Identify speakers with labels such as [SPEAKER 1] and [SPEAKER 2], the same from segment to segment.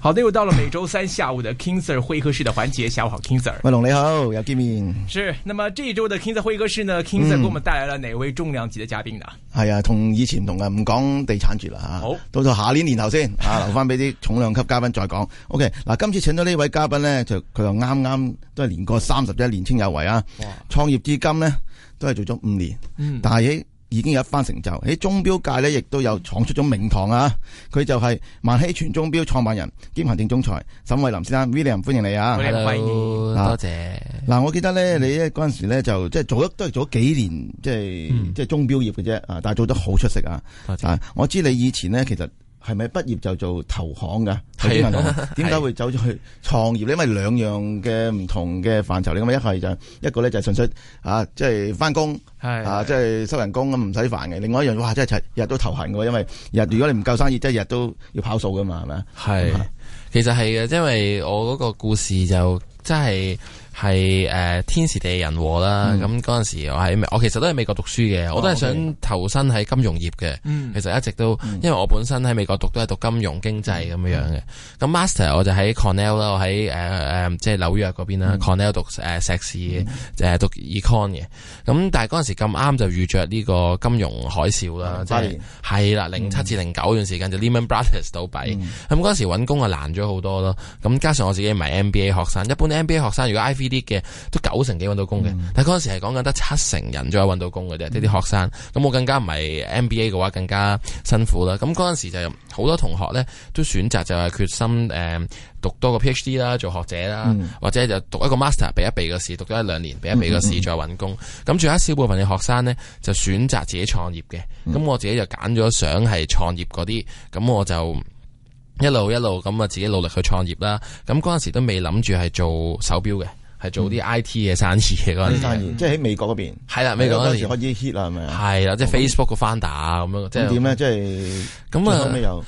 [SPEAKER 1] 好的，又到了每周三下午的 King Sir 會客室的環節。下午好，King Sir，
[SPEAKER 2] 麥龍你好，又見面。
[SPEAKER 1] 是，那麼這一周的 King Sir 會客室呢，King Sir 給我們帶來了哪位重量級的嘉賓呢？
[SPEAKER 2] 係、嗯、啊，同以前唔同嘅，唔講地產住啦吓。好，到咗下年年頭先，啊，留翻俾啲重量級嘉賓再講。 OK，嗱、啊，今次請到呢位嘉賓呢，就佢又啱啱都係年過三十，一年輕有為啊。哇！創業至今呢，都係做咗五年，嗯、但係已經有一番成就喺鐘錶界咧，亦都有闖出咗名堂啊！佢就係萬希泉鐘錶創辦人兼行政總裁沈慧林先生，William，歡迎你啊，Hello，多謝。嗱、啊，我記得咧，嗯、你咧嗰陣時咧就即係做咗都係做幾年，即係即係鐘錶業嘅啫啊！但係做得好出色啊！多謝 啊，我知你以前咧其實。係咪畢業就做投行噶？點解是、啊、會走咗去創業咧？ 是啊、因為兩樣嘅唔同嘅範疇嚟噶嘛。一係就是、一個咧就純粹啊，即係翻工，是是啊即係、就是、收人工咁唔使煩嘅。另外一樣哇，真係日日都投行嘅，因為日、嗯、如果你唔夠生意，即係日都要跑數噶嘛，係咪啊？
[SPEAKER 3] 係是，嗯、其實係嘅，因為我嗰個故事就真係。係誒天時地利人和啦，咁陣時我喺我其實都喺美國讀書嘅，我都係想投身喺金融業嘅。其實一直都因為我本身喺美國讀都係讀金融經濟咁樣嘅。咁 master 我就喺 Cornell 啦，我喺誒誒即係紐約嗰邊啦，Cornell 讀誒碩士誒讀 econ 嘅。咁但係陣時咁啱就遇着呢個金融海嘯啦，即係係啦，零七至零九段時間就 Lehman Brothers 倒閉，咁陣時揾工啊難咗好多咯。咁加上我自己唔係 MBA 學生，一般 MBA 學生如果 Ivy 呢啲嘅都九成幾揾到工嘅，嗯、但嗰陣時係講緊得七成人仲有揾到工嘅啫。呢啲、嗯、學生咁，我更加唔係 MBA 嘅話，更加辛苦啦。咁嗰陣時就好多同學呢都選擇就係決心誒、嗯、讀多個 PhD 啦，做學者啦，嗯、或者就讀一個 Master 備一備個試，讀咗一兩年備一備個試、嗯、再揾工。咁仲有一小部分嘅學生呢就選擇自己創業嘅。咁、嗯、我自己就揀咗想係創業嗰啲，咁我就一路一路咁啊自己努力去創業啦。咁嗰陣時都未諗住係做手表嘅。係做啲 I T 嘅生意嘅，啲、嗯、生意即
[SPEAKER 2] 係喺美國嗰邊。係啦、嗯，啊、美國嗰時，時開始 hit 啦，係咪？
[SPEAKER 3] 係啦，即係 Facebook 個 fan 打咁樣。咁點
[SPEAKER 2] 咧？即係是咁啊！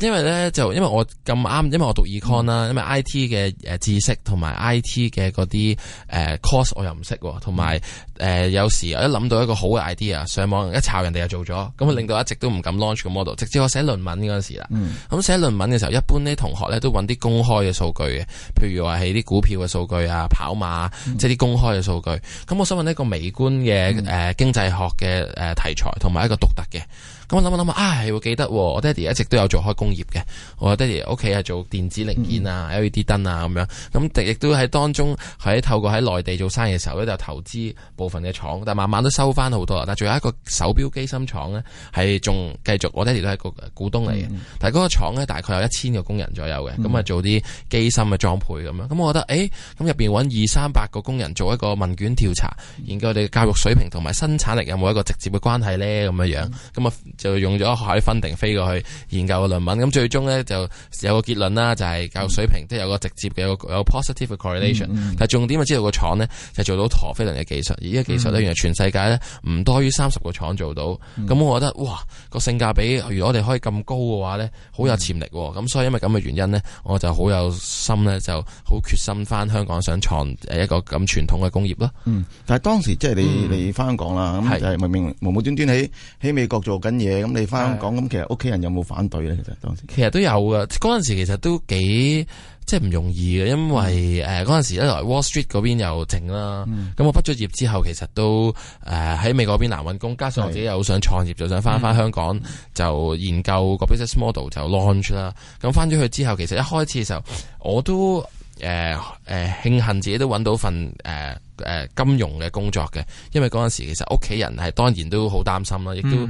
[SPEAKER 3] 因為咧，就因為我咁啱，因為我讀 econ 啦，因為 I T 嘅誒知識同埋 I T 嘅嗰啲誒 course 我又唔識，同埋誒有時我一諗到一個好嘅 idea，上網一查人哋就做咗，咁啊令到一直都唔敢 launch 個 model。直至我寫論文嗰陣時啦，咁寫論文嘅時候，一般呢同學咧都揾啲公開嘅數據嘅，譬如話係啲股票嘅數據啊、跑馬，即係啲公開嘅數據。咁我想揾一個微觀嘅誒經濟學嘅誒題材，同埋、嗯、一個獨特嘅。咁我諗一諗啊，係我記得我爹哋一直都有做開工業嘅，我爹哋屋企係做電子零件啊、嗯、LED 燈啊咁樣，咁亦都喺當中喺透過喺內地做生意嘅時候咧，就投資部分嘅廠，但慢慢都收翻好多，但仲有一個手表機芯廠咧，係仲繼續我爹哋都係一個股東嚟嘅，嗯、但係嗰個廠咧大概有一千個工人左右嘅，咁啊做啲機芯嘅裝配咁樣。咁我覺得誒，咁入邊搵二三百個工人做一個問卷調查，研究我哋教育水平同埋生產力有冇一個直接嘅關係咧，咁樣樣，咁啊。就用咗學校啲 funding 飛過去研究個論文，咁最終咧就有個結論啦，就係、是、教育水平都有個直接嘅有有 positive correlation、嗯。嗯嗯、但係重點啊，知道個廠咧就做到陀飛輪嘅技術，而呢個技術咧、嗯、原來全世界咧唔多於三十個廠做到。咁、嗯嗯、我覺得哇，個性價比如果我哋可以咁高嘅話咧，好有潛力。咁、嗯、所以因為咁嘅原因咧，我就好有心咧，就好決心翻香港想創一個咁傳統
[SPEAKER 2] 嘅工業啦。嗯，但係當時即係你你翻香港啦，咁、嗯、明明無緣無端端喺喺美國做緊嘢。咁你翻香港咁，呃、其實屋企人有冇反對咧？其實當
[SPEAKER 3] 時其實都有㗎，嗰陣時其實都幾即係唔容易嘅，因為誒嗰陣時一來，Wall Street 嗰邊又靜啦。咁、嗯、我畢咗業之後，其實都誒喺、呃、美國邊難揾工，加上我自己又好想創業，就是想翻翻香港、嗯、就研究個 business model 就 launch 啦。咁翻咗去之後，其實一開始嘅時候我都誒誒、呃呃、慶幸自己都揾到份誒。呃誒，金融嘅工作嘅，因為嗰陣時其實屋企人係當然都好擔心啦，亦都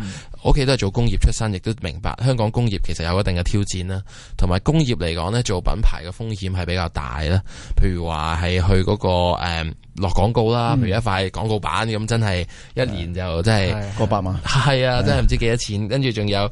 [SPEAKER 3] 屋企、嗯、都係做工業出身，亦都明白香港工業其實有一定嘅挑戰啦，同埋工業嚟講咧，做品牌嘅風險係比較大啦。譬如話係去嗰、那個誒落廣告啦，譬如一塊廣告板咁，嗯、真係一年就真係過百萬，係啊，真係唔知幾多錢。跟住仲有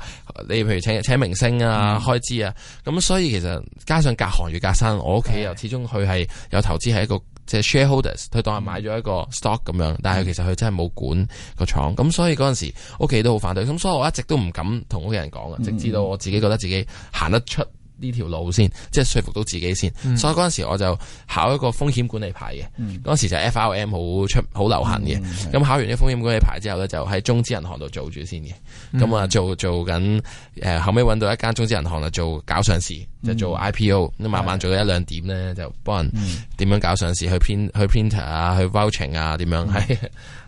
[SPEAKER 3] 你，譬如請請明星啊，嗯、開支啊，咁所以其實加上隔行如隔山，我屋企又始終佢係有投資係一個。即係 shareholders，佢當係買咗一個 stock 咁樣，但係其實佢真係冇管個廠，咁所以嗰陣時屋企都好反對，咁所以我一直都唔敢同屋企人講，直至到我自己覺得自己行得出。呢條路先，即係説服到自己先。所以嗰陣時我就考一個風險管理牌嘅，嗰陣時就 FRM 好出好流行嘅。咁考完呢風險管理牌之後呢，就喺中資銀行度做住先嘅。咁啊做做緊，誒後尾揾到一間中資銀行啦，做搞上市，就做 I P O。慢慢做到一兩點呢，就幫人點樣搞上市，去 print 去 printer 啊，去 vouching 啊，點樣係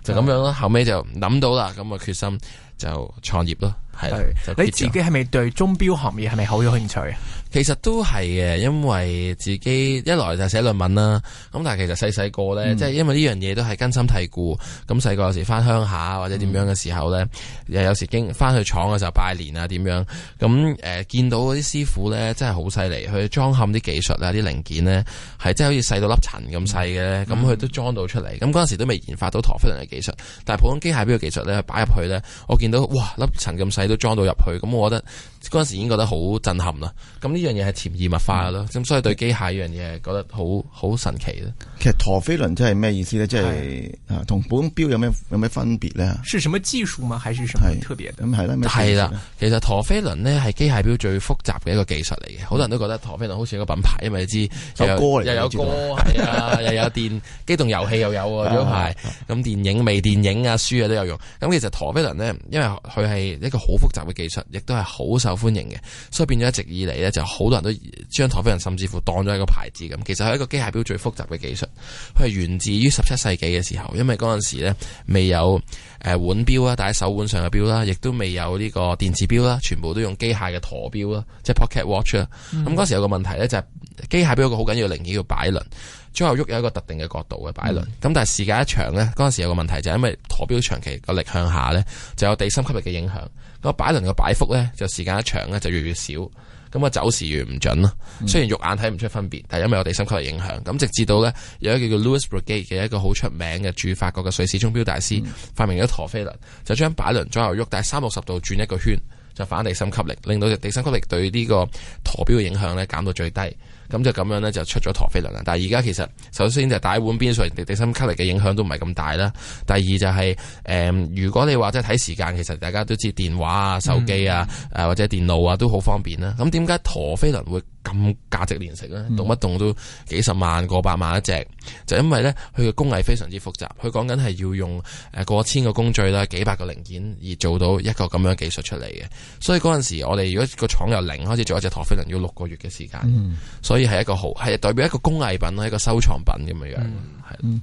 [SPEAKER 3] 就咁樣咯。後尾就諗到啦，咁啊決心就創業咯。係，你自
[SPEAKER 1] 己係咪對鐘錶行
[SPEAKER 3] 業係咪好有興趣啊？其實都係嘅，因為自己一來就寫論文啦。咁但係其實細細個呢，即係、嗯、因為呢樣嘢,都係根深蒂固。咁細個有時翻鄉下或者點樣嘅時候呢，嗯、又有時經翻去廠嘅時候拜年啊點樣。咁、嗯、誒、呃、見到啲師傅呢，真係好犀利。佢裝嵌啲技術啊，啲零件呢，係、嗯、真係好似細到粒塵咁細嘅呢。咁佢、嗯、都裝到出嚟。咁嗰陣時都未研發到陀飛輪嘅技術，但係普通機械錶嘅技術呢，擺入去呢，我見到哇粒塵咁細都裝到入去。咁我覺得嗰陣時已經覺得好震撼啦。呢樣嘢係潛移默化嘅咯，咁所以對機械呢樣嘢係覺得好好神
[SPEAKER 2] 奇咯。其實陀飛輪真係咩意思咧？即係同本表有咩有咩分別咧？
[SPEAKER 1] 是什麼技術嗎？還是什麼特別的？咁係啦，
[SPEAKER 2] 其實陀飛輪呢，係機械表最
[SPEAKER 3] 複雜嘅一個技術嚟嘅。好多人都覺得陀飛輪好似一個品牌，因為你知有歌又有歌係啊，又有電機動遊戲又有啊，咁係咁電影微電影啊書啊都有用。咁其實陀飛輪呢，因為佢係一個好複雜嘅技術，亦都係好受歡迎嘅，所以變咗一直以嚟咧就。好多人都將陀飛輪甚至乎當咗一個牌子咁，其實係一個機械表最複雜嘅技術。佢係源自於十七世紀嘅時候，因為嗰陣時未有誒腕表啦，戴喺手腕上嘅表啦，亦都未有呢個電子表啦，全部都用機械嘅陀表啦，即係 pocket watch 啦。咁嗰、嗯、時有個問題呢，就係、是、機械表有個好緊要零件叫擺輪，最後喐有一個特定嘅角度嘅擺輪。咁、嗯、但係時間一長呢，嗰陣時有個問題就係、是、因為陀表長期個力向下呢，就有地心吸力嘅影響。咁擺輪嘅擺幅呢，就時間一長呢，就越，越越少。咁啊，走時越唔準咯，雖然肉眼睇唔出分別，但係因為有地心吸力影響，咁直至到咧有一個叫 Louis Breguet 嘅一個好出名嘅、駐法國嘅瑞士鐘表大師發明咗陀飛輪，就將擺輪左右喐，但係三六十度轉一個圈，就反地心吸力，令到地心吸力對呢個陀錶嘅影響咧減到最低。咁就咁樣呢，就出咗陀飛輪啦。但係而家其實，首先就係大碗邊上人哋地心吸力嘅影響都唔係咁大啦。第二就係、是、誒、呃，如果你話即係睇時間，其實大家都知電話啊、手機啊、誒或者電腦啊都好方便啦。咁點解陀飛輪會咁價值連城，啦，動不動都幾十萬、過百萬一隻，就是、因為呢，佢嘅工藝非常之複雜，佢講緊係要用誒過千個工序啦、幾百個零件而做到一個咁樣技術出嚟嘅，所以嗰陣時我哋如果個廠由零開始做一隻陀飛輪，要六個月嘅時間，嗯、所以係一個好，係代表一個工藝品咯，一個收藏
[SPEAKER 1] 品咁樣樣，
[SPEAKER 3] 係、
[SPEAKER 2] 嗯。嗯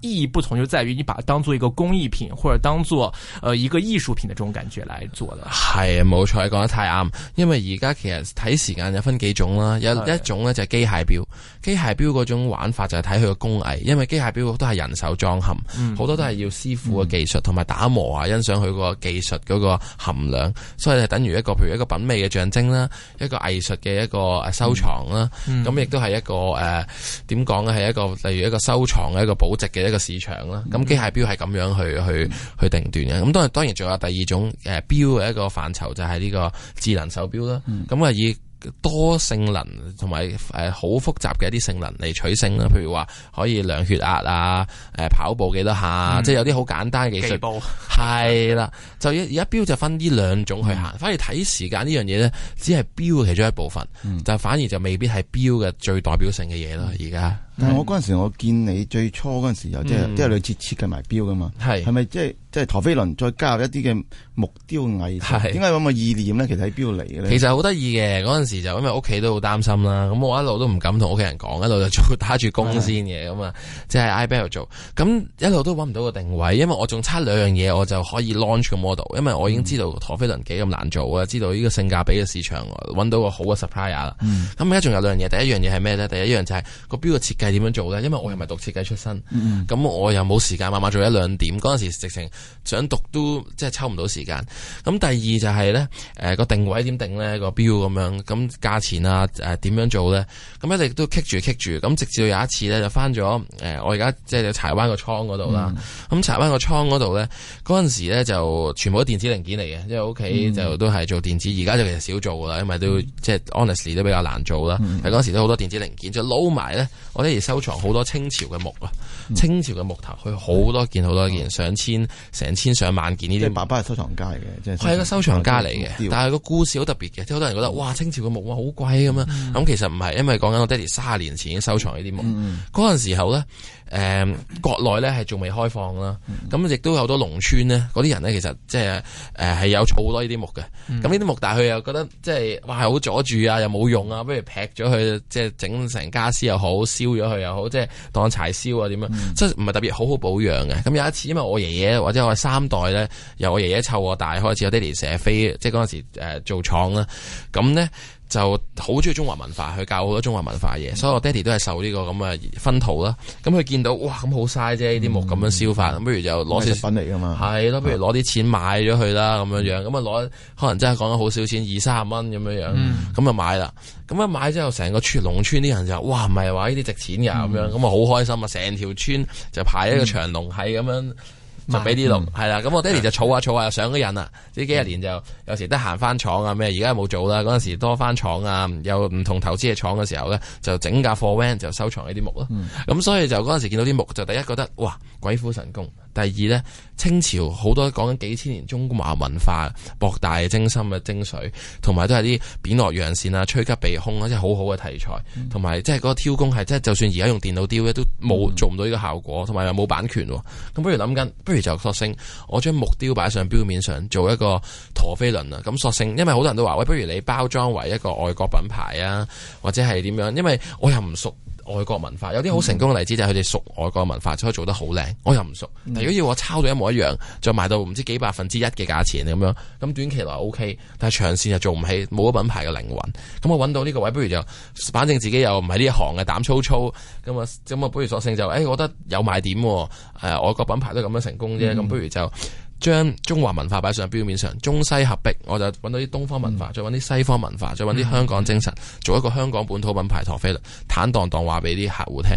[SPEAKER 1] 意義不同，就在於你把它當做一個工藝品或者當做，呃，一個藝術品的這種感覺來做的。
[SPEAKER 3] 係啊，冇錯，你講得太啱。因為而家其實睇時間有分幾種啦，有一種呢就係機械錶。對機械錶嗰種玩法，就係睇佢個工藝，因為機械錶都係人手裝嵌，好、嗯、多都係要師傅嘅技術同埋打磨啊，欣賞佢個技術嗰個含量，所以就等於一個譬如一個品味嘅象徵啦，一個藝術嘅一個誒收藏啦，咁亦都係一個誒點講咧，係、呃、一個例如一個收藏嘅一個保值嘅一個市場啦。咁機、嗯、械表係咁樣去、嗯、去去定段嘅。咁當然當然，仲有第二種誒表嘅一個範疇就係呢個智能手表啦。咁我以。嗯嗯多性能同埋誒好複雜嘅一啲性能嚟取勝啦，譬如話可以量血壓啊，誒跑步幾多下，嗯、即係有啲好簡單嘅技術。係啦步，就而家表就分呢兩種去行，嗯、反而睇時間呢樣嘢咧，只係表其中一部分，嗯、就反而就未必係表嘅最代表性嘅嘢咯，而家、嗯。
[SPEAKER 2] 但係我嗰陣時，我見你最初嗰陣時候，即係、嗯、即係類似設計埋表㗎嘛，係咪是即係即係陀飛輪再加入一啲嘅木雕藝術？點解揾個意念咧？其實喺表嚟嘅咧。其實好
[SPEAKER 3] 得意嘅嗰陣時就因為屋企都好擔心啦，咁我一路都唔敢同屋企人講，一路就打住工先嘅咁啊，即係 i 邊度做。咁一路都揾唔到個定位，因為我仲差兩樣嘢，我就可以 launch 個 model。因為我已經知道陀飛輪幾咁難做啊，知道呢個性價比嘅市場揾到個好嘅 supplier 啦、嗯。咁而家仲有兩樣嘢，第一樣嘢係咩咧？第一樣就係個表嘅設計。點樣做咧？因為我又唔係讀設計出身，咁、嗯、我又冇時間，晚晚做一兩點。嗰陣時直情想讀都即係抽唔到時間。咁第二就係、是、咧，誒、呃、個定位點定咧、那個標咁樣，咁價錢啊誒點、呃、樣做咧？咁一直都 keep 住 keep 住，咁直至到有一次咧就返咗誒我而家即係柴灣個倉嗰度啦。咁、嗯嗯、柴灣個倉嗰度咧，嗰陣時咧就全部都電子零件嚟嘅，因為屋企就都係做電子，而家就其實少做噶啦，因為都即係 honestly 都比較難做啦。喺嗰陣時都好多電子零件，就撈埋咧我咧。我收藏好多清朝嘅木啊，嗯、清朝嘅木頭，佢好多件好多件，上千、成千上萬件呢啲。即係爸爸係收藏家嚟嘅，即係一個收藏家嚟嘅，但係個故事好特別嘅，即好多人覺得哇，清朝嘅木哇好貴咁樣，咁、嗯、其實唔係，因為講緊我爹哋卅年前已經收藏呢啲木，嗰陣、嗯、時候咧，誒、嗯、國內咧係仲未開放啦，咁亦都有好多農村咧，嗰啲人咧其實即係誒係有儲好多呢啲木嘅，咁呢啲木但係佢又覺得即係哇好阻住啊，又冇用啊，不如劈咗佢，即係整成家私又好，燒咗。佢又好，即係當柴燒啊，點樣？嗯、即係唔係特別好好保養嘅。咁有一次，因為我爺爺或者我哋三代咧，由我爺爺湊我大開始，有爹哋成日飛，即係嗰陣時誒、呃、做廠啦，咁咧。就好中意中華文化，佢教好多中華文化嘢，嗯、所以我爹哋都係受呢個咁嘅熏陶啦。咁佢、嗯、見到哇，咁好嘥啫！呢啲、嗯、木咁樣燒飯，咁、嗯、不如就攞啲、嗯、品嚟噶嘛。係咯，不如攞啲錢買咗佢啦，咁樣樣。咁啊，攞可能真係講得好少錢，二三十蚊咁樣樣。咁啊、嗯、買啦，咁啊買之後，成個村農村啲人就哇，唔係話呢啲值錢噶咁樣，咁啊好開心啊！成條村就排一個長龍喺咁樣。嗯嗯
[SPEAKER 2] 就俾啲咯，
[SPEAKER 3] 係啦。咁我爹哋就儲啊儲啊，上咗癮啦。呢幾十年就有時得閒翻廠啊咩，而家冇做啦。嗰陣時多翻廠啊，有唔同投資嘅廠嘅時候咧，就整架貨 van 就收藏呢啲木咯。咁、嗯、所以就嗰陣時見到啲木，就第一覺得哇！鬼斧神工。第二呢，清朝好多講緊幾千年中華文化博大精深嘅精髓，同埋都係啲匾額揚善啊、趨吉避凶啊，即係好好嘅題材。同埋即係嗰個雕工係即係就算而家用電腦雕咧都冇做唔到呢個效果，同埋又冇版權。咁不如諗緊，不如就索性我將木雕擺上錶面上做一個陀飛輪啦。咁索性，因為好多人都話喂，不如你包裝為一個外國品牌啊，或者係點樣？因為我又唔熟。外國文化有啲好成功嘅例子就係佢哋熟外國文化，所以做得好靚。我又唔熟，但如果要我抄到一模一樣，就賣到唔知幾百分之一嘅價錢咁樣，咁短期內 OK，但係長線又做唔起，冇咗品牌嘅靈魂。咁我揾到呢個位，不如就反正自己又唔係呢行嘅，膽粗粗咁啊，咁啊，不如索性就誒、欸，我覺得有賣點誒、啊啊，外國品牌都咁樣成功啫，咁、嗯、不如就。將中華文化擺上表面上，中西合璧，我就揾到啲東方文化，嗯、再揾啲西方文化，嗯、再揾啲香港精神，做一個香港本土品牌陀飛輪坦蕩蕩話俾啲客戶聽。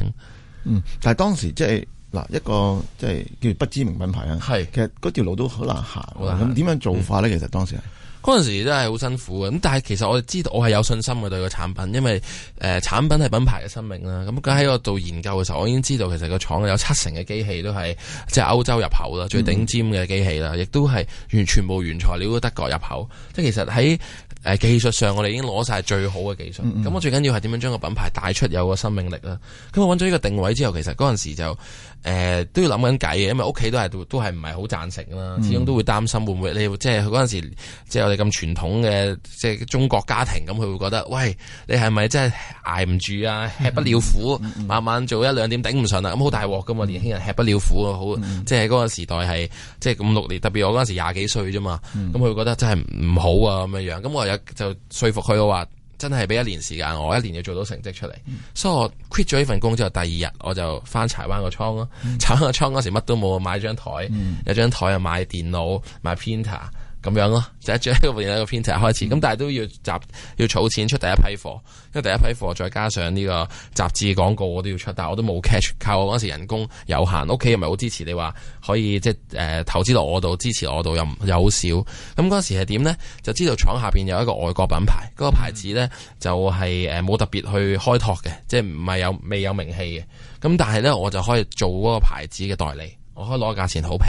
[SPEAKER 3] 嗯、
[SPEAKER 2] 但係當時即係嗱一個即係叫不知名品牌啊，係是其實嗰條路都好難行。咁點樣做法呢？嗯、其實當時。
[SPEAKER 3] 嗰陣時真係好辛苦嘅，咁但係其實我哋知道我係有信心嘅對個產品，因為誒、呃、產品係品牌嘅生命啦。咁喺我做研究嘅時候，我已經知道其實個廠有七成嘅機器都係即係歐洲入口啦，最頂尖嘅機器啦，亦都係完全部原材料都德國入口，即係其實喺、呃、技術上我哋已經攞晒最好嘅技術。咁我、嗯嗯、最緊要係點樣將個品牌帶出有個生命力啦。咁我揾咗呢個定位之後，其實嗰陣時就。誒、呃，都要諗緊計嘅，因為屋企都係都係唔係好贊成啦，始終都會擔心會唔會你即係佢嗰陣時，即係我哋咁傳統嘅，即係中國家庭咁，佢會覺得喂，你係咪真係捱唔住啊？吃不了苦，嗯嗯、晚晚做一兩點頂唔順啦，咁好大鑊噶嘛，嗯、年輕人吃不了苦啊，好、嗯、即係嗰個時代係即係咁六年，特別我嗰陣時廿幾歲啫嘛，咁佢、嗯、會覺得真係唔好啊咁樣樣，咁我又就說服佢話。真係俾一年時間我，一年要做到成績出嚟，所以我 quit 咗呢份工之後，第二日我就翻柴灣個倉咯。柴灣個、嗯、倉嗰時乜都冇，買張台，嗯、有張台又買電腦，買 printer 咁樣咯，就做一個換一個編輯開始，咁、嗯、但係都要集要儲錢出第一批貨，因為第一批貨再加上呢個雜誌廣告，我都要出，但係我都冇 catch，靠我嗰時人工有限，屋企又唔係好支持你，你話可以即係誒、呃、投資到我度支持我度又又好少，咁嗰時係點呢？就知道廠下邊有一個外國品牌，嗰、嗯、個牌子呢就係誒冇特別去開拓嘅，即係唔係有未有名氣嘅，咁但係呢，我就可以做嗰個牌子嘅代理，我可以攞價錢好平，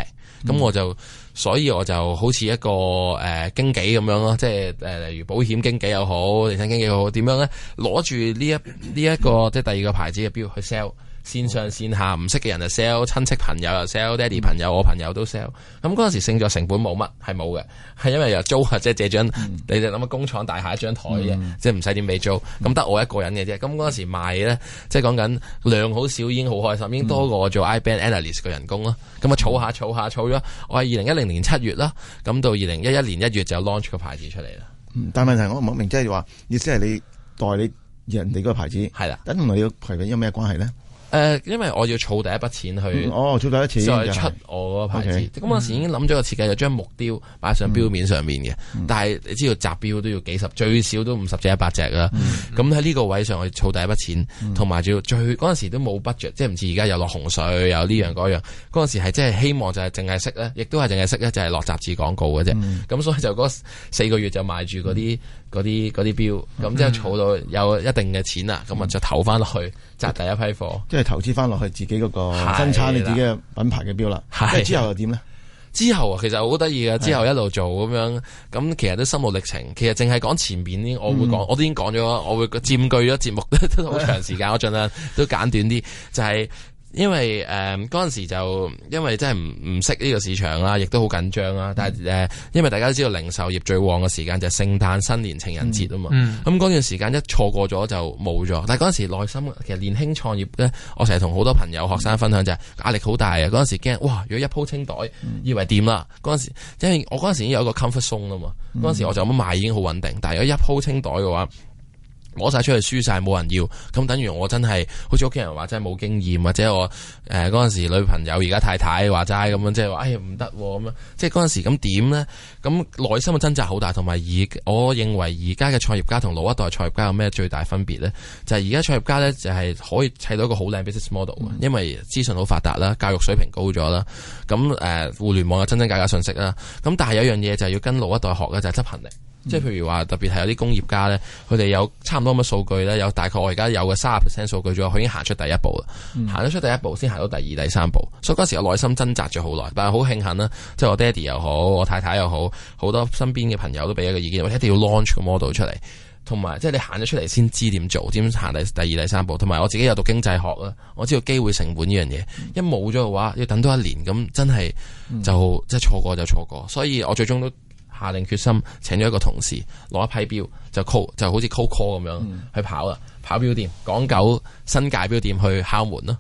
[SPEAKER 3] 咁我就。嗯所以我就好似一個誒、呃、經紀咁樣咯，即係誒、呃、例如保險經紀又好，地產經紀又好，點樣咧？攞住呢一呢一,一個即係第二個牌子嘅標去 sell。線上線下唔識嘅人就 sell，親戚朋友又 sell，爹哋朋友、我朋友都 sell。咁嗰陣時，製作成本冇乜，係冇嘅，係因為又租即係借張，嗯、你就諗下工廠大廈一張台嘅、嗯、即係唔使點俾租。咁得、嗯、我一個人嘅啫。咁嗰陣時賣咧，即係講緊量好少已經好開心，已經多過我做 Ivan Analyst 嘅人工啦。咁啊、嗯，儲下儲下儲咗，我係二零一零年七月啦。咁到二零一一年一月就 launch 個牌子出嚟啦、
[SPEAKER 2] 嗯。但問題我唔明，即係話意思係你代理人哋嗰個牌子，係啦，咁同你個品牌有咩關係咧？誒，因為我
[SPEAKER 3] 要儲第一筆錢去，哦，儲第一再出我個牌子、就是。咁、okay，嗰時已經
[SPEAKER 2] 諗咗個設計，就將、是、木
[SPEAKER 3] 雕擺上錶面上面嘅。嗯、但係你知道集錶都要幾十，最少都五十隻、一百隻啦。咁喺呢個位上去儲第一筆錢，同埋要最嗰陣時都冇 budget 即係唔似而家有落洪水，有呢樣嗰樣。嗰陣時係真係希望就係淨係識咧，亦都係淨係識咧，就係、是、落雜誌廣告嘅啫。咁、嗯、所以就嗰四個月就賣住嗰啲。嗯嗰啲啲標，咁之後儲到有一定嘅錢啦，咁啊、嗯、就投翻落去，砸第一批貨，
[SPEAKER 2] 即係投資翻落去自己嗰個生產的你自己嘅品牌嘅標啦。係之後又點咧？
[SPEAKER 3] 之後啊，其實好得意嘅，之後一路做咁樣，咁的其實都心路歷程。其實淨係講前面啲，我會講，嗯、我都已經講咗，我會佔據咗節目都好 長時間，的我儘量都簡短啲，就係、是。因為誒嗰陣時就因為真係唔唔識呢個市場啦，亦都好緊張啦。但係誒、呃，因為大家都知道零售業最旺嘅時間就係聖誕、新年、情人節啊嘛。咁嗰、嗯嗯、段時間一錯過咗就冇咗。但係嗰陣時內心其實年輕創業咧，我成日同好多朋友、嗯、學生分享就係壓力好大啊。嗰陣時驚哇，如果一鋪清袋，以為掂啦。嗰陣時，因為我嗰陣時已經有一個 comfort zone 啦嘛。嗰陣時我就咁賣已經好穩定，但係如果一鋪清袋嘅話，摸晒出去，輸晒冇人要，咁等於我真係好似屋企人話，真係冇經驗或者我誒嗰陣時女朋友而家太太話齋咁樣，即係話誒唔得咁樣，即係嗰陣時咁點呢？咁內心嘅掙扎好大，同埋而我認為而家嘅創業家同老一代創業家有咩最大分別呢？就係而家創業家呢，就係可以砌到一個好靚 business model，因為資訊好發達啦，教育水平高咗啦，咁誒、呃、互聯網有真真假假信息啦，咁但係有一樣嘢就係要跟老一代學嘅就係、是、執行力。即係譬如話，特別係有啲工業家咧，佢哋有差唔多乜數據咧，有大概我而家有個三十 percent 數據，咗，佢已經行出第一步啦，行得、嗯、出第一步，先行到第二、第三步。所以嗰時我內心掙扎咗好耐，但係好慶幸啦，即係我爹哋又好，我太太又好，好多身邊嘅朋友都俾一個意見，我一定要 launch 個 model 出嚟，同埋即係你行咗出嚟先知點做，點行第、第二、第三步。同埋我自己有讀經濟學啦，我知道機會成本呢樣嘢，嗯、一冇咗嘅話，要等多一年咁，真係就、嗯、即係錯過就錯過，所以我最終都，下定決心，請咗一個同事攞一批表，就 call 就好似 cold call 咁樣、嗯、去跑啦，跑表店，港九新界表店去敲門咯。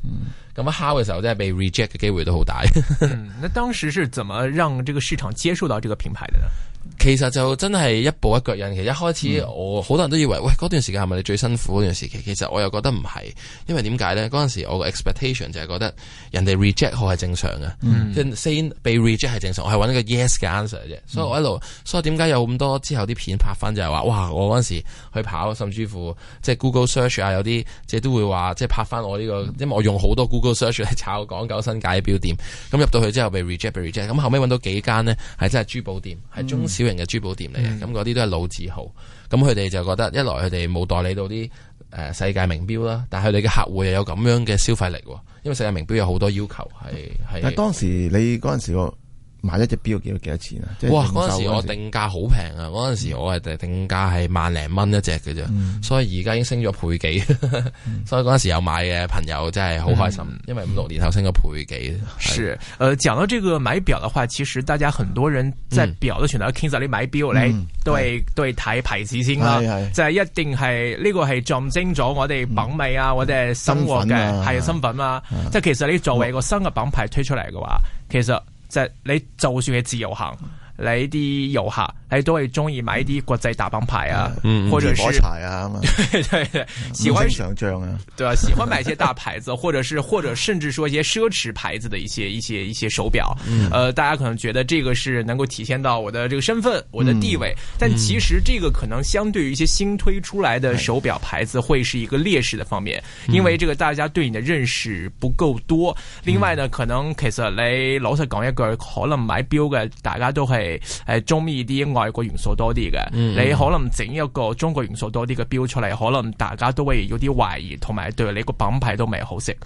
[SPEAKER 3] 咁啊、嗯、敲嘅時候，真係被 reject 嘅機會都好大。 嗯，那當時是怎麼讓這個市場接受到這個品牌的呢？其實就真係一步一腳印。其實一開始我好多人都以為，嗯、喂嗰段時間係咪你最辛苦段時期？其實我又覺得唔係，因為點解呢？嗰陣時我嘅 expectation 就係覺得人哋 reject 好係正常嘅，即係、嗯、被 reject 係正常。我係揾個 yes 嘅 answer 啫。所以我一路，嗯、所以點解有咁多之後啲片拍翻就係、是、話，哇！我嗰陣時去跑，甚至乎即係、就是、Google search 啊，有啲即都會話，即、就、係、是、拍翻我呢、這個，因為我用好多 Google search 去炒港九新界啲表店，咁入到去之後被 reject 被 reject，咁後尾揾到幾間呢？係真係珠寶店，係中、嗯。小型嘅珠寶店嚟嘅，咁嗰啲都係老字號，咁佢哋就覺得一來佢哋冇代理到啲誒世界名表啦，但係佢哋嘅客戶又有咁樣嘅消費力，因為世界
[SPEAKER 2] 名表有好多要求係係。但係當時你嗰陣時買一隻表幾多幾多錢啊？哇！嗰陣時我定價好平啊，嗰陣時我係定
[SPEAKER 3] 定價係萬
[SPEAKER 2] 零蚊一隻嘅啫，
[SPEAKER 3] 所以而家已經升咗倍幾，所以嗰陣時有買嘅朋友真係好開心，因為五六年頭升咗倍幾。是，
[SPEAKER 1] 誒，講到這個買表的話，其實大家很多人即係表都傳嚟傾晒啲買表，你都係睇牌子先啦，就係一定係呢個係象徵咗我哋品味啊，或者係生活嘅係新品啊。即係其實你作為一個新嘅品牌推出嚟嘅話，其實。就係你就算係自由行。你啲有客，你都係中意買啲國際大品牌啊，嗯，或者樹火柴啊咁啊，唔清想象啊，對啊，喜歡買一些大牌子， 或者是或者甚至說一些奢侈牌子的一些一些一些手表，嗯、呃，大家可能覺得這個是能夠體現到我的這個身份，嗯、我的地位，但其實這個可能相對於一些新推出來的手表牌子會是一個劣勢的方面，嗯嗯、因為這個大家對你的認識不夠多，另外呢，可能其實你老實講一句，可能買表嘅大家都係。誒中意啲外國元素多啲嘅，嗯、你可能整一個中國元素多啲嘅表出嚟，可能大家都會有啲懷疑，同埋對你個品牌都未好識。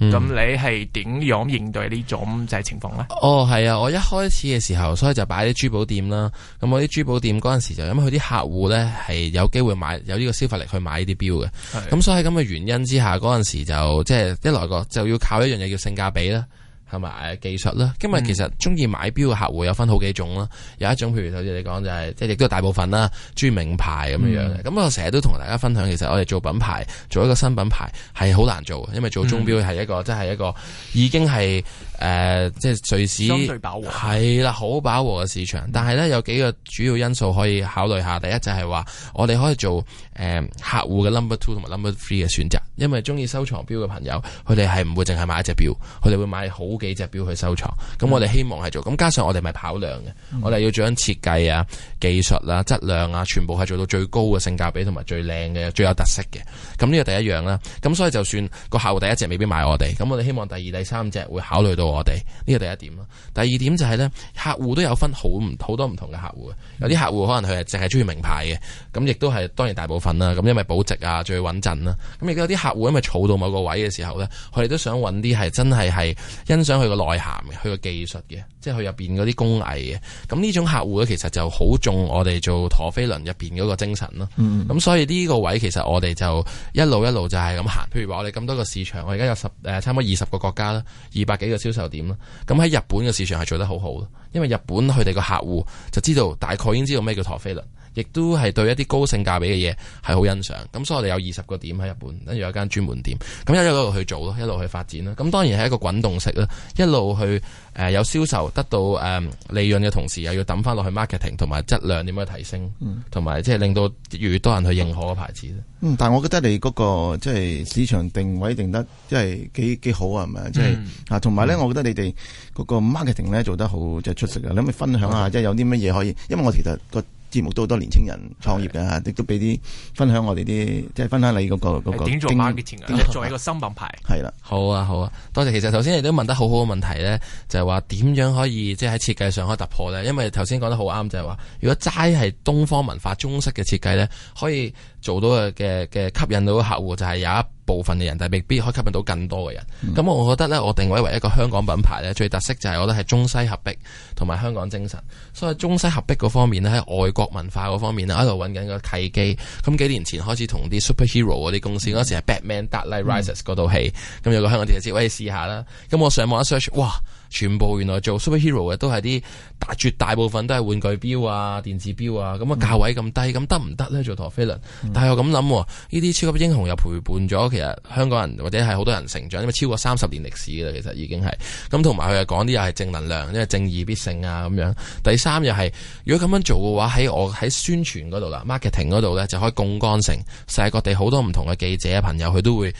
[SPEAKER 1] 咁、嗯、你係點樣應對種呢種就係情況咧？
[SPEAKER 3] 哦，係啊，我一開始嘅時候，所以就擺啲珠寶店啦。咁我啲珠寶店嗰陣時就因為佢啲客戶咧係有機會買，有呢個消費力去買呢啲表嘅。咁是所以咁嘅原因之下，嗰陣時就即係、就是、一來個就要靠一樣嘢叫性價比啦。同埋誒技術啦，今日其實中意買表嘅客戶有分好幾種啦。嗯、有一種譬如頭先你講就係、是，即係亦都大部分啦，中意名牌咁樣樣嘅。咁、嗯、我成日都同大家分享，其實我哋做品牌，做一個新品牌係好難做，因為做鐘錶係一個、嗯、即係一個已經係誒、呃，即係瑞士。相對飽和。係啦，好飽和嘅市、市場，但係咧有幾個主要因素可以考慮下。第一就係話，我哋可以做。嗯、客戶嘅 number two 同埋 number three 嘅選擇，因為中意收藏表嘅朋友，佢哋係唔會淨係買一隻表，佢哋會買好幾隻表去收藏。咁我哋希望係做咁，加上我哋咪跑量嘅。Okay. 我哋要將設計啊、技術啊、質量啊，全部係做到最高嘅性價比同埋最靚嘅、最有特色嘅。咁呢個第一樣啦。咁所以就算個客戶第一隻未必買我哋，咁我哋希望第二、第三隻會考慮到我哋。呢個第一點啦。第二點就係咧，客戶都有分好唔好多唔同嘅客戶，有啲客戶可能佢係淨係中意名牌嘅，咁亦都係當然大部分。咁因為保值啊，最穩陣啦。咁而家有啲客戶因為儲到某個位嘅時候呢，佢哋都想揾啲係真係係欣賞佢個內涵嘅，佢個技術嘅，即係佢入邊嗰啲工藝嘅。咁呢種客戶呢，其實就好中我哋做陀飛輪入邊嗰個精神咯、啊。咁、嗯、所以呢個位其實我哋就一路一路就係咁行。譬如話我哋咁多個市場，我而家有十誒、呃，差唔多二十個國家啦，二百幾個銷售點啦。咁喺日本嘅市場係做得好好，因為日本佢哋個客戶就知道大概已經知道咩叫陀飛輪。亦都係對一啲高性價比嘅嘢係好欣賞，咁所以我哋有二十個點喺日本，跟住有一間專門店，咁一路一路去做咯，一路去發展啦。咁當然係一個滾動式啦，一路去誒、呃、有銷售得到誒、嗯、利潤嘅同時，又要抌翻落去 marketing 同埋質量點樣提升，同埋即係令到越嚟越多人去認可個牌子、嗯、
[SPEAKER 2] 但係我覺得你嗰、那個即係、就是、市場定位定得即係、就是、幾幾好啊，係咪？即係啊，同埋咧，嗯、我覺得你哋嗰個 marketing 咧做得好即係出色呀。你可唔可以分享下即係有啲乜嘢可以？嗯、因為我其實個節目都好多年青人創業㗎，亦都俾啲分享我哋啲，即係分享你嗰、嗰個嗰點、嗰
[SPEAKER 1] 個、做市場啊，作為一個新品牌，
[SPEAKER 2] 係啦，啊，好啊，啊好啊，多謝。其
[SPEAKER 3] 實頭先你都問得好好嘅問題咧，就係話點樣可以即係喺設計上可以突破咧？因為頭先講得好啱，就係、係、話如果齋係東方文化中式嘅設計咧，可以。做到嘅嘅吸引到客戶就係有一部分嘅人，但係未必可以吸引到更多嘅人。咁、嗯、我覺得呢，我定位為一個香港品牌咧，最特色就係我覺得係中西合璧同埋香港精神。所以中西合璧嗰方面呢，喺外國文化嗰方面呢，喺度揾緊個契機。咁幾年前開始同啲 Superhero 嗰啲公司，嗰、嗯、時係 Batman Dark Knight Rises 嗰套戲、嗯，咁有個香港電視可以試下啦。咁我上網一 search，哇！全部原來做 superhero 嘅都係啲大，絕大部分都係玩具表啊、電子表啊，咁啊價位咁低，咁得唔得呢？做陀飛輪？嗯、但係我咁諗，呢啲超級英雄又陪伴咗其實香港人或者係好多人成長，因為超過三十年歷史嘅啦，其實已經係咁，同埋佢又講啲又係正能量，即係正義必勝啊咁樣。第三又係如果咁樣做嘅話，喺我喺宣傳嗰度啦，marketing 嗰度呢，就可以槓桿成世界各地好多唔同嘅記者朋友佢都會。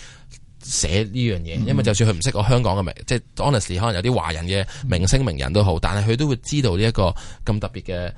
[SPEAKER 3] 寫呢樣嘢，因為就算佢唔識個香港嘅名， 即係 Honestly 可能有啲華人嘅明星名人都好，但係佢都會知道呢一個咁特別嘅。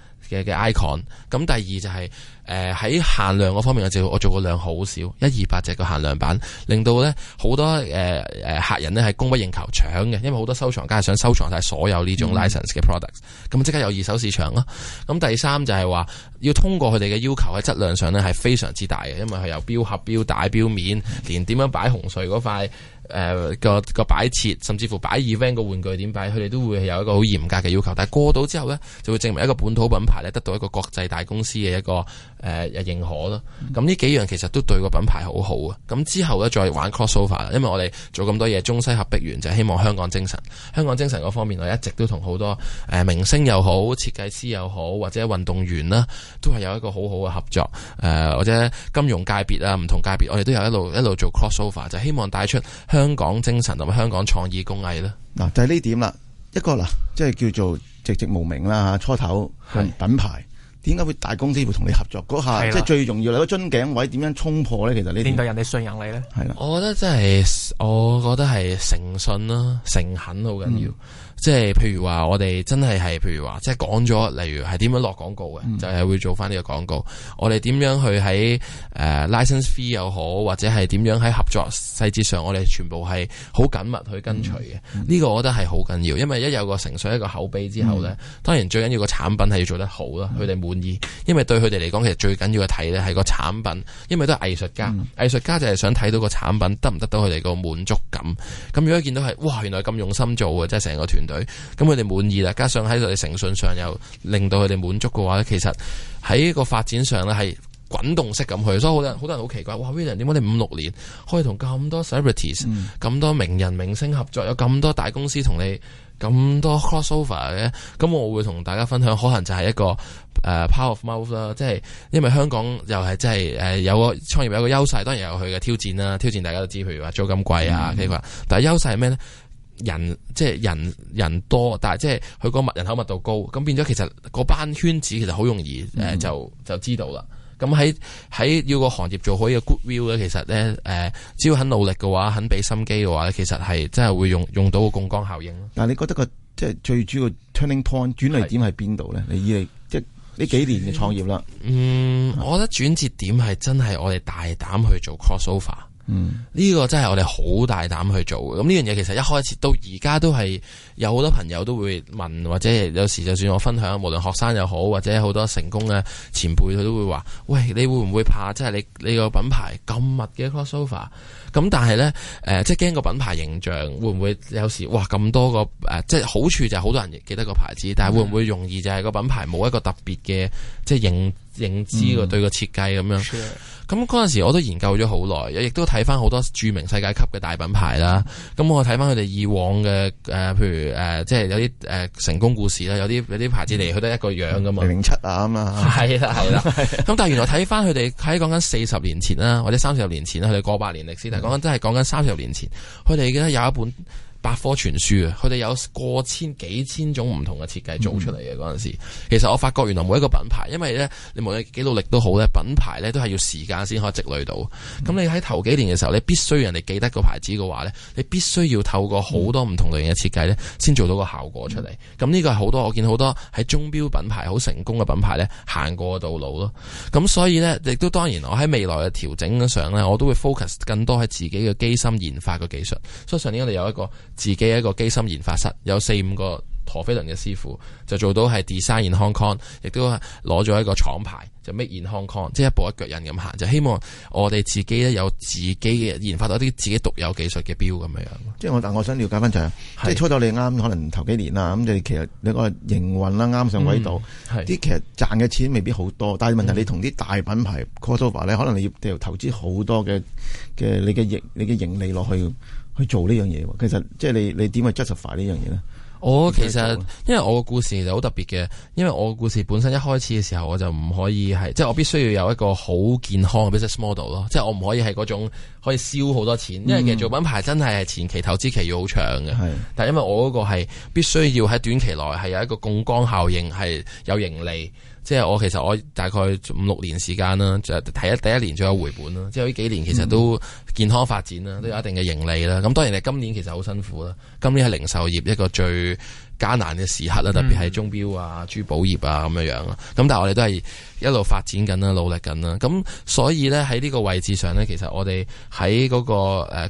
[SPEAKER 3] 嘅 icon，咁第二就係誒喺限量嗰方面，我做我做個量好少，一二百隻個限量版，令到呢好多誒誒、呃呃、客人呢係供不應求搶嘅，因為好多收藏家係想收藏晒所有呢種 license 嘅 products，咁、嗯、即刻有二手市場咯。咁、嗯、第三就係話要通過佢哋嘅要求喺質量上呢係非常之大嘅，因為佢有標盒、標帶、標面，連點樣擺紅碎嗰塊。誒、呃、個個擺設，甚至乎擺 event 個玩具點擺，佢哋都會有一個好嚴格嘅要求。但係過到之後呢，就會證明一個本土品牌呢，得到一個國際大公司嘅一個。誒，認可啦，咁呢幾樣其實都對個品牌好好啊。咁之後呢，再玩 crossover 啦，因為我哋做咁多嘢，中西合璧完就是、希望香港精神。香港精神嗰方面，我一直都同好多誒、呃、明星又好，設計師又好，或者運動員啦，都係有一個好好嘅合作。誒、呃，或者金融界別啊，唔同界別，我哋都有一路一路做 crossover，就希望帶出香港精神同埋香港創意
[SPEAKER 2] 工藝啦。嗱，就係呢點啦，一個嗱，即、就、係、是、叫做寂寂無名啦，初頭品牌。點解會大公司會同你合作？嗰下了即係最重要你嗰樽頸位點樣衝破咧？其實你點解人哋信任你咧？
[SPEAKER 3] 係啦了，我覺得真係、啊，我覺得係誠信啦、誠懇好緊要。嗯、即係譬如話，我哋真係係譬如話，即係講咗，例如係點樣落廣告嘅，嗯、就係會做翻呢個廣告。我哋點樣去喺誒、呃、license fee 又好，或者係點樣喺合作細節上，我哋全部係好緊密去跟隨嘅。呢、嗯嗯、個我覺得係好緊要，因為一有一個誠信、一個口碑之後咧，嗯、當然最緊要個產品係要做得好啦。佢哋每滿意，因為對佢哋嚟講，其實最緊要嘅睇呢係個產品，因為都係藝術家，藝術家、嗯、就係想睇到個產品得唔得到佢哋個滿足感。咁如果見到係，哇，原來咁用心做啊，即係成個團隊，咁佢哋滿意啦。加上喺佢哋誠信上又令到佢哋滿足嘅話咧，其實喺個發展上咧係。滾動式咁去，所以好多人好多人好奇怪，哇 William 點解你五六年可以同咁多 celebrities、嗯、咁多名人明星合作，有咁多大公司同你咁多 crossover 嘅？咁我會同大家分享，可能就係一個誒、呃、power of mouth 啦，即係因為香港又係即係誒有個創業有個優勢，當然有佢嘅挑戰啦，挑戰大家都知，譬如話租金貴、嗯、啊但係優勢係咩呢？人即係人人多，但係即係佢個密人口密度高，咁變咗其實嗰班圈子其實好容易誒、呃、就就知道啦。嗯咁喺喺要個行業做好一個 goodwill 咧，其實咧誒，只要肯努力嘅話，肯俾心機嘅話咧，其實係真係會用用到個槓桿效應。
[SPEAKER 2] 但係你覺得個即係最主要 turning point 轉捩點喺邊度咧？是你以嚟即係呢幾年嘅創業啦。嗯，我覺得轉折點係真係我哋大
[SPEAKER 3] 膽去做 cross over。嗯，呢個真係我哋好大膽去做嘅。咁呢樣嘢，其實一開始到而家都係有好多朋友都會問，或者有時就算我分享，無論學生又好，或者好多成功嘅前輩，佢都會話：喂，你會唔會怕？即係你你個品牌咁密嘅 crossover，咁但係呢，誒，即係驚個品牌形象會唔會有時哇咁多個誒，即係好處就係好多人記得個牌子，但係會唔會容易就係個品牌冇一個特別嘅即係認？認知個對個設計咁樣，咁嗰陣時我都研究咗好耐，亦都睇翻好多著名世界級嘅大品牌啦。咁我睇翻佢哋以往嘅誒、呃，譬如誒、呃，即係有啲誒、呃、成功故事啦，有啲有啲牌子嚟，佢都一個樣噶、啊、嘛。零零七啊，嘛，啊的，係啦係啦。咁但係原來睇翻佢哋喺講緊四十年前啦，或者三十年前，佢哋過百年歷史，但係講緊真係講緊三十年前，佢哋記得有一本。百科全書啊！佢哋有過千幾千種唔同嘅設計做出嚟嘅嗰陣時，其實我發覺原來每一個品牌，因為咧你無論幾努力都好呢，品牌呢都係要時間先可以積累到。咁、嗯、你喺頭幾年嘅時候，你必須人哋記得個牌子嘅話呢，你必須要透過好多唔同類型嘅設計呢先做到個效果出嚟。咁呢、嗯、個係好多我見好多喺鐘錶品牌好成功嘅品牌呢行過嘅道路咯。咁所以呢，亦都當然我喺未來嘅調整上呢，我都會 focus 更多喺自己嘅機芯研發嘅技術。所以上年我哋有一個。自己一個機芯研發室，有四五個陀飛輪嘅師傅，就做到係 design in Hong Kong，亦都攞咗一個廠牌，就 make in Hong Kong，即係一步一腳印咁行，就希望我哋自己咧有自己嘅研發到一啲自己獨有技術嘅表咁樣樣。
[SPEAKER 2] 即係我但我想了解翻就係，即係是的 初頭你啱可能頭幾年啦，咁你其實你個營運啦啱上位度，啲、嗯、其實賺嘅錢未必好多，但係問題你同啲大品牌 Crossover 咧，可能你要投資好多嘅嘅你嘅盈你嘅盈利落去。去做呢樣嘢，其實即係你你點去 justify 呢樣嘢呢？我其實因為我個故事就好特別嘅，因為我個故事
[SPEAKER 3] 本身一開始嘅時候我就唔可以係，即係我必須要有一個好健康嘅 business model 咯，即係我唔可以係嗰種可以燒好多錢，因為其實做品牌真係前期投資期要好長嘅，嗯、但係因為我嗰個係必須要喺短期內係有一個槓桿效應，係有盈利。即係我其實我大概五六年時間啦，就第一第一年最有回本啦。即係呢幾年其實都健康發展啦，都有一定嘅盈利啦。咁當然你今年其實好辛苦啦，今年係零售業一個最艱難嘅時刻啦，特別係鐘錶啊、珠寶業啊咁樣樣啦。咁但係我哋都係一路發展緊啦，努力緊啦。咁所以呢，喺呢個位置上呢，其實我哋喺嗰個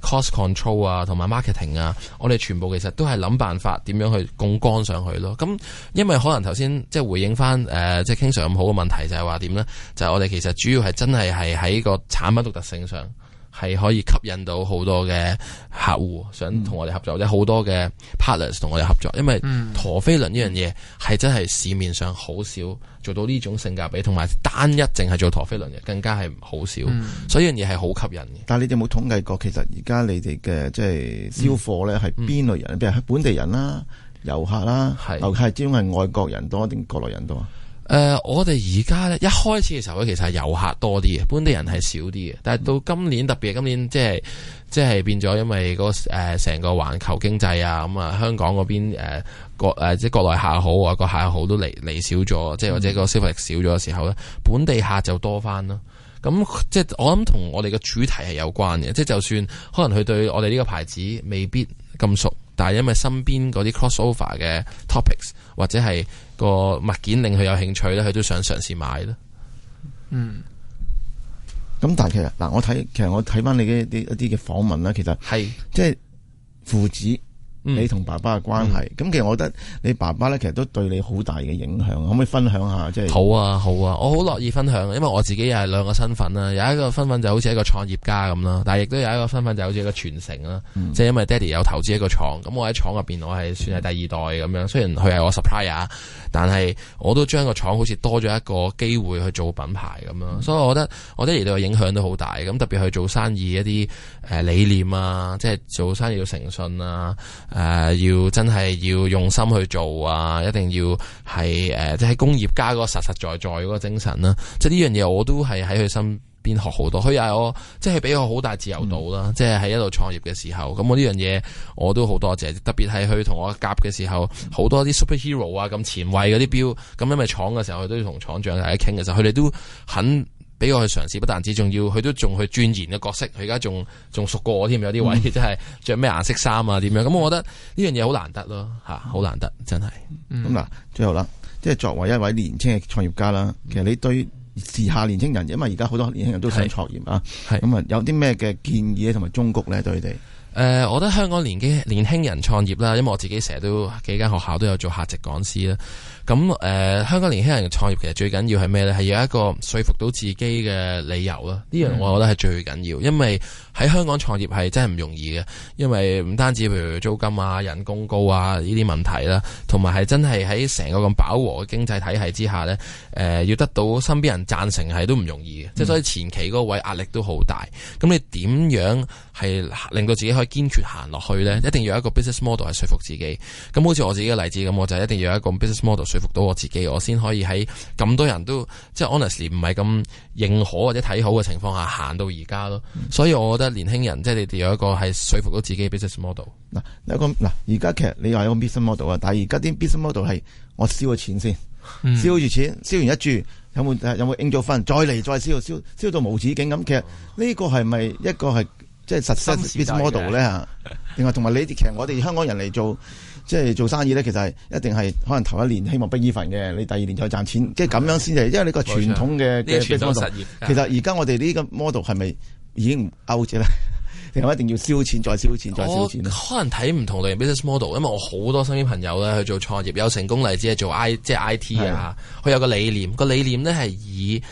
[SPEAKER 3] cost control 啊，同埋 marketing 啊，我哋全部其實都係諗辦法點樣去槓桿上去咯。咁因為可能頭先即係回應返誒、呃，即係 King Sir 咁好嘅問題，就係話點呢？就係、是、我哋其實主要係真係係喺個產品獨特性上。係可以吸引到好多嘅客戶，想同我哋合作，有好、嗯、多嘅 partners 同我哋合作，因為陀飛輪呢樣嘢係真係市面上好少做到呢種性價比，同埋單一淨係做陀飛輪嘅更加係好少，嗯、所以呢樣嘢係
[SPEAKER 2] 好吸引嘅。但係你哋有冇統計過，其實而家你哋嘅即係銷貨咧，係邊類人？譬如係本地人啦、啊、遊客啦、啊，遊客係主要係外國人多定國內人多啊？誒、呃，我哋而家咧一開始嘅時候咧，其實係遊客多啲嘅，本地人係少啲嘅。但係到
[SPEAKER 3] 今年特別係今年、就是，即係即係變咗，因為嗰、那、成個環、呃、球經濟啊，咁、嗯、啊香港嗰邊誒、呃、國即係、呃、國內客好啊，國客好都嚟嚟少咗，即、就、係、是、或者個消費力少咗嘅時候咧，嗯、本地客就多返咯。咁即係我諗同我哋嘅主題係有關嘅，即、就、係、是、就算可能佢對我哋呢個牌子未必咁熟，但係因為身邊嗰啲 crossover 嘅 topics 或者係。個物件令佢有興趣咧，佢都想嘗試買咧。
[SPEAKER 2] 嗯，咁 但係其實嗱，我睇其實我睇翻你嘅一啲嘅訪問咧，其實係即係父子。你同爸爸嘅關係，咁、嗯、其實我覺得你爸爸呢，其實都對你好大嘅影響，嗯、可唔可以分享下？即、就、係、是、好啊，好啊，我好樂意分享，因為我
[SPEAKER 3] 自己又係兩個身份啦，有一個身份就好似一個創業家咁啦，但係亦都有一個身份就好似一個傳承啦，嗯、即係因為爹哋有投資一個廠，咁我喺廠入邊我係算係第二代咁樣，嗯、雖然佢係我 supplier，但係我都將個廠好似多咗一個機會去做品牌咁咯，嗯、所以我覺得我爹哋對我影響都好大，咁特別去做生意一啲理念啊，即係做生意要誠信啊。誒、呃，要真係要用心去做啊！一定要係誒、呃，即係工業家嗰個實實在在嗰個精神啦、啊。即係呢樣嘢，我都係喺佢身邊學好多。佢又係我，即係俾我好大自由度啦、啊。嗯、即係喺一度創業嘅時候，咁我呢樣嘢我都好多謝。特別係佢同我夾嘅時候，好多啲 superhero 啊，咁前衛嗰啲錶，咁因為廠嘅時候，佢都要同廠長大家傾嘅時候，佢哋都肯。俾我去嘗試，不但止，仲要佢都仲去鑽研嘅角色。佢而家仲仲熟過我添，有啲位真係着咩顏色衫啊，點樣咁？我覺得呢樣嘢好難得咯，吓，好難
[SPEAKER 2] 得，真係。咁嗱、嗯，最後啦，即係作為一位年青嘅創業家啦，其實你對時下年青人，因為而家好多年輕人都想創業啊，係咁啊，有啲咩嘅建議同埋忠告咧，對佢哋？誒、呃，我覺得香港年紀年輕人創業
[SPEAKER 3] 啦，因為我自己成日都幾間學校都有做客席講師啦。咁、嗯、誒、呃，香港年輕人嘅創業其實最緊要係咩呢？係有一個說服到自己嘅理由啦。呢樣我我覺得係最緊要，因為。喺香港創業係真係唔容易嘅，因為唔單止譬如租金啊、人工高啊呢啲問題啦，同埋係真係喺成個咁飽和嘅經濟體系之下咧，誒、呃、要得到身邊人贊成係都唔容易嘅。即係、嗯、所以前期嗰位壓力都好大。咁你點樣係令到自己可以堅決行落去咧？一定要有一個 business model 係說服自己。咁好似我自己嘅例子咁，我就一定要有一個 business model 說服到我自己，我先可以喺咁多人都即係、就是、honestly 唔係咁認可或者睇好嘅情況下行到而家咯。嗯、
[SPEAKER 2] 所以我年輕人，即、就、係、是、你哋有一個係說服到自己嘅 business model。嗱，一個嗱，而家其實你話一個 business model 啊，但係而家啲 business model 係我燒個錢先，嗯、燒住錢，燒完一注有冇有冇應咗分，再嚟再燒，燒燒到無止境咁。其實呢個係咪一個係即係實質 business model 咧？另外，同埋你其實我哋香港人嚟做即係、就是、做生意咧，其實係一定係可能頭一年希望 break even 嘅，你第二年再賺錢，即係咁樣先嘅。因為呢個傳統嘅嘅冇錯 business model，實業其實而家我哋呢個 model 係咪？已經唔 out 咗啦，定係一定要燒錢再燒錢再燒錢？可能睇唔同類型 business
[SPEAKER 3] model，因為我好多身邊朋友咧去做創業，有成功例子係做 I 即係 I T 啊，佢的有個理念，個理念咧係以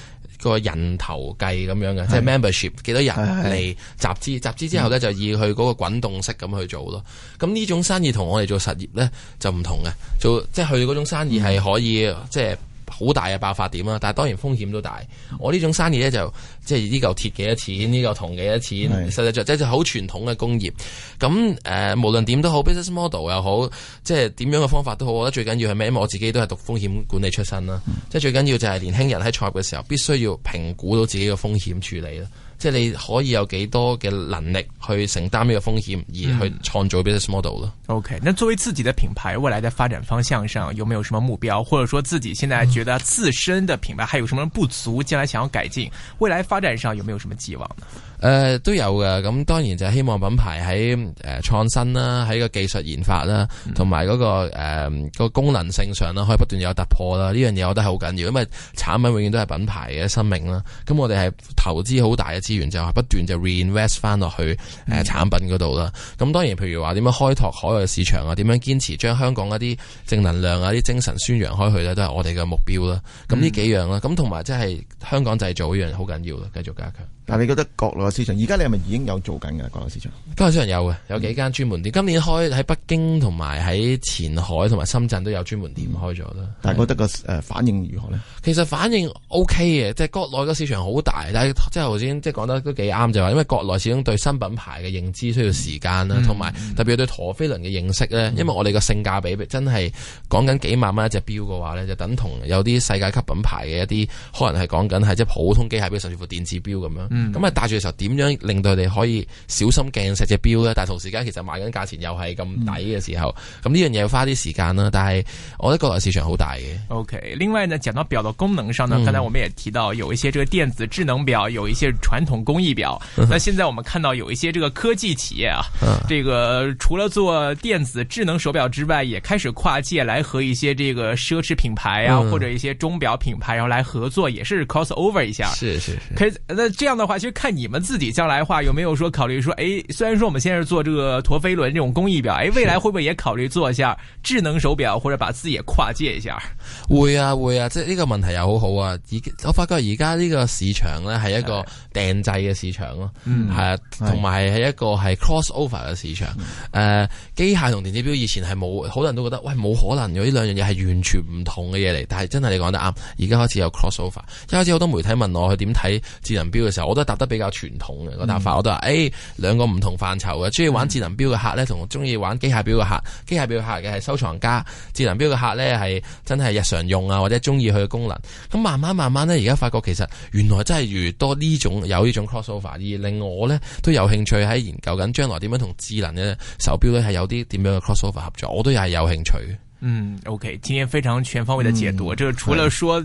[SPEAKER 3] 個人頭計咁樣嘅，即係的 membership 幾多人嚟集資，集資的之後咧就以佢嗰個滾動式咁去做咯。咁呢、嗯、種生意同我哋做實業咧就唔同嘅，做即係佢嗰種生意係可以、嗯、即係。好大嘅爆發點啦，但係當然風險都大。我呢種生意咧就即係呢嚿鐵幾多錢，呢嚿銅幾多錢，是實際上即係好傳統嘅工業。咁誒、呃，無論點都好，business model 又好，即係點樣嘅方法都好，我覺得最緊要係咩？因為我自己都係讀風險管理出身啦，嗯、即係最緊要就係年輕人喺創業嘅時候必須要評估到自己嘅風險處理啦。即係你可以有幾多嘅能力去承擔呢個風險，而去創造 business model 咯。
[SPEAKER 1] OK，那作為自己的品牌，未來嘅發展方向上有冇有什麼目標？或者說自己現在覺得自身的品牌還有什麼不足，將來想要改進，未來發展上有沒有什麼寄望？
[SPEAKER 3] 誒、呃，都有嘅，咁當然就希望品牌喺誒創新啦，喺個技術研發啦，同埋嗰個誒、呃嗰個功能性上啦，可以不斷有突破啦。呢樣嘢我覺得係好緊要，因為產品永遠都係品牌嘅生命啦。咁我哋係投資好大嘅資源，就係不斷就 reinvest 翻落去誒產品嗰度啦。咁、嗯、當然，譬如話點樣開拓海外市場啊，點樣堅持將香港一啲正能量啊、啲精神宣揚開去咧，都係我哋嘅目標啦。咁呢幾樣啦，咁同埋即係香港製造呢樣好緊要啦，繼續加強。
[SPEAKER 2] 但你覺得國內市
[SPEAKER 3] 場，而家你係咪已經有做緊嘅國內市場？國內市場有嘅，有幾間專門店。嗯、今年開喺北京同埋喺前海同埋深圳都有專門店開咗啦。嗯、是的 但係覺得個誒反應如何咧？其實反應 OK 嘅，即係國內嘅市場好大。但係即係頭先即係講得都幾啱就話，因為國內始終對新品牌嘅認知需要時間啦，同埋、嗯、特別對陀飛輪嘅認識咧。因為我哋個性價比真係講緊幾萬蚊一隻錶嘅話咧，就等同有啲世界級品牌嘅一啲，可能係講緊係即係普通機械錶甚至乎電子錶咁樣。嗯咁啊戴住嘅時候點樣令到你可以小心鏡石隻表咧？但係同時間其實買緊價錢又係咁抵嘅時候，咁呢、嗯、樣嘢要花啲時間啦。但係我覺得國內市場好大嘅。
[SPEAKER 1] OK，另外呢，講到表的功能上呢，剛才我們也提到有一些這個電子智能表，有一些傳統工藝表。那、嗯、現在我們看到有一些這個科技企業啊，嗯、這個除了做電子智能手表之外，也開始跨界來和一些這個奢侈品牌啊，或者一些鐘表品牌，然後來合作，也是 cross over 一下。是，是是是。可以，那這樣呢？話其實看你們自己將來話有沒有說考慮說，誒、哎，雖然說我們現在是做這個陀飛輪這種工藝表，誒、哎，未來會不會也考慮做一下智能手表，或者把自己也跨界一下？
[SPEAKER 3] 會啊會啊，即係呢個問題又好好啊！我發覺而家呢個市場呢，係一個訂製嘅市場咯，係啊，同埋係一個係 cross over 嘅市場。誒，機械同電子表以前係冇，好多人都覺得喂冇可能有呢兩樣嘢係完全唔同嘅嘢嚟，但係真係你講得啱，而家開始有 cross over。一開始好多媒體問我佢點睇智能表嘅時候，都答得比較傳統嘅、個答法，我都話誒，兩、哎、個唔同範疇嘅，中意玩智能表嘅客咧，同中意玩機械表嘅客，機械表客嘅係收藏家，智能表嘅客咧係真係日常用啊，或者中意佢嘅功能。咁慢慢慢慢咧，而家發覺其實原來真係越多呢種有呢種 cross over，而令我咧都有興趣喺研究緊將來點樣同智能嘅手錶咧係有啲點樣嘅 cross over 合作，我都又係有興趣。嗯
[SPEAKER 1] ，OK，今天非常全方位嘅解讀，嗯、就除了說。